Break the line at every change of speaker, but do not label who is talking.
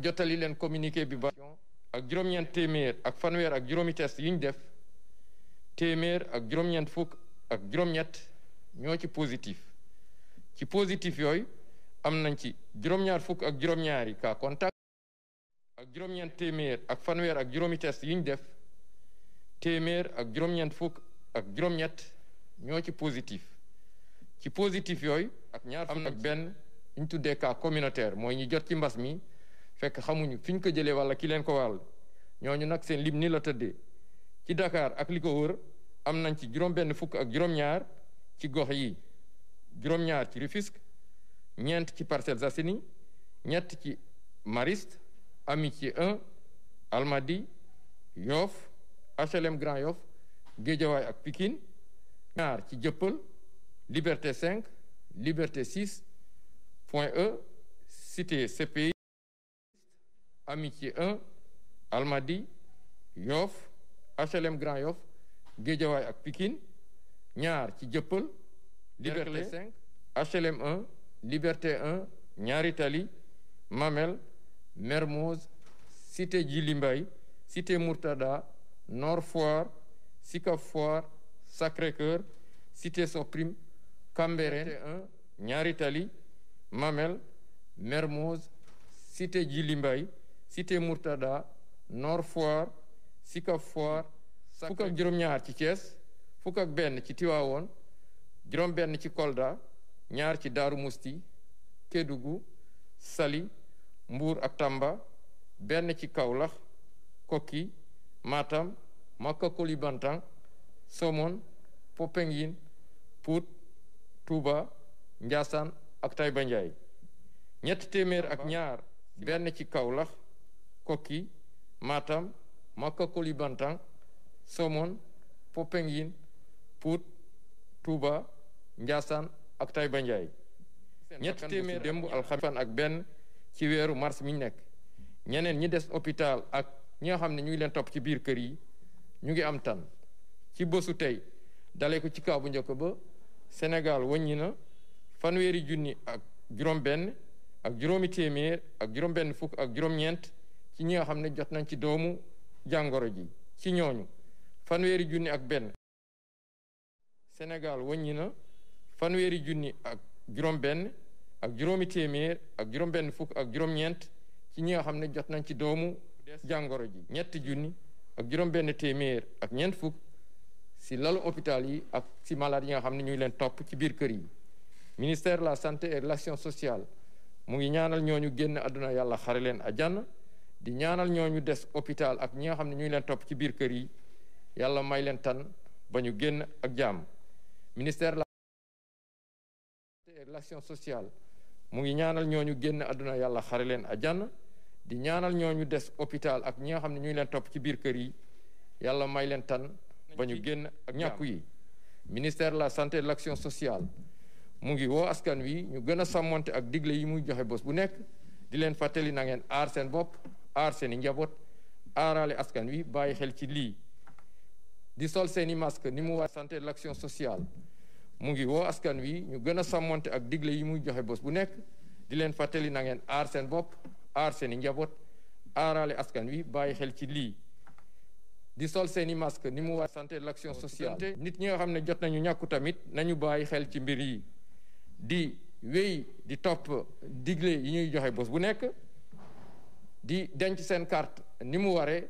jottali leen communiqué bi ba ak juróom-ñeent téeméer ak fanweer ak juróomi test ñu def téeméer ak juróom fukk ak juróom-ñett ñoo ci positif ci positif yooyu am nañ ci juróom-ñaar fukk ak juróom-ñaari cas contact ak juróom-ñeent téeméer ak fanweer ak def téeméer ak juróom fukk ak juróom-ñett ñoo ci positif ci positif yooyu ak ñaar am nag benn ñu tuddee cas communautaire mooy ñu jot ci mbas mi fekk xamuñu fi ko jëlee wala ki leen ko wàll ñooñu nag seen lim ni la tëddee ci Dakar ak li ko wër am nañ ci juróom-benn fukk ak juróom-ñaar ci gox yi juróom-ñaar ci Rufisque ñeent ci Parcelles Assainies ñett ci Mariste Amitié 1 Almadies Yoff HLM Grand Yoff Guédiawaye ak Pikine ñaar ci Jëppal Liberté cinq Liberté 6 Point E Cité CPI Amitié 1 Almadi Yoff HLM Grand Yoff Guédiawaay ak pikin ñaar ci Jëppal Liberté cinq HLM 1 Liberté 1 Ñaari Tali Mamel Mermoz Cité Djilimbay Cité Murtada Nord Foire Sicap Foire Sacré-Cœur Cité Ñaari Tali Mamel Mermoz Cité Djilimbay cité Mourtada Nord Foire Sicap Foire fukk ak juróom-ñaar ci Thiès fukk ak benn ci Tivaouane juróom-benn ci Kolda ñaar ci Daaru Musti Kédougou sali mbuur ak Tamba benn ci Kaolack Koki Matam Maka Koulibantang Somone Popenguine Pout Touba Ndiassane ak Taïba Ndiaye ñett téeméer ak ñaar benn ci Kaolack Koki Matam Maka Koulibantang somon Popenguine Pout Touba Ndiassane ak Taïba Ndiaye ñetti téeméer démb alxames fan ak benn ci weeru mars mi nekk ñeneen ñi des hôpital ak ñi xam ne ñu ngi leen topp ci biir kër yi ñu ngi am tan ci bësu tey dalee ko ci kaw bu njëkk ba senegal wëññi na fanweeri junni ak juróom benn ak ak juróom ñeent ci ñi nga xam ne jot nañ ci doomu jàngoro ji ci ñooñu fanweeri junni ak benn na fanweeri junni ak juróom-benn ak juróomi téeméer ak juróom-benn fukk ak juróom-ñeent ci ñi nga xam ne jot nañ ci doomu jàngoro ji ñett junni ak juróom-benn téeméer ak ñeent fukk si lalu hôpital yi ak si malade yi nga xam ne ñuy leen topp ci biir kër yi ministère la santé et de sociale mu ngi ñaanal ñooñu génn àdduna yàlla xare leen àjjana di ñaanal ñoo ñu des hôpital ak ñi nga xam ne ñu ngi leen topp ci biir kër yi yàlla may leen tan ba ñu génn ak jàmm ministère de l'action sociale mu ngi ñaanal ñoo ñu génn àdduna yàlla xare leen àjjana di ñaanal ñoo ñu des hôpital ak ñi nga xam ne ñu ngi topp ci biir kër yi yàlla may leen tan ba ñu génn ak ñàkku yi ministère de la santé et de l'action sociale mu ngi woo askan wi ñu gën a sàmmonte ak digle yi muy joxe bés bu nekk di leen fàttali na ngeen aar seen bopp aar seen i njaboot aarale askan wi bàyyi xel ci lii di sol seeni i ni mu war santé l'action sociale mu ngi woo askan wi ñu gën a sàmmonte ak digle yi muy joxe bés bu nekk di leen fàttali na ngeen aar seen bopp aar seen i njaboot aarale askan wi bàyyi xel ci lii di sol seeni i masque ni mu war santé l'action sociale nit ñi nga xam ne jot nañu ñàkku tamit nañu bàyyi xel ci mbir yi di wéy di topp digle yi ñuy joxe bés bu nekk di denc seen carte ni mu waree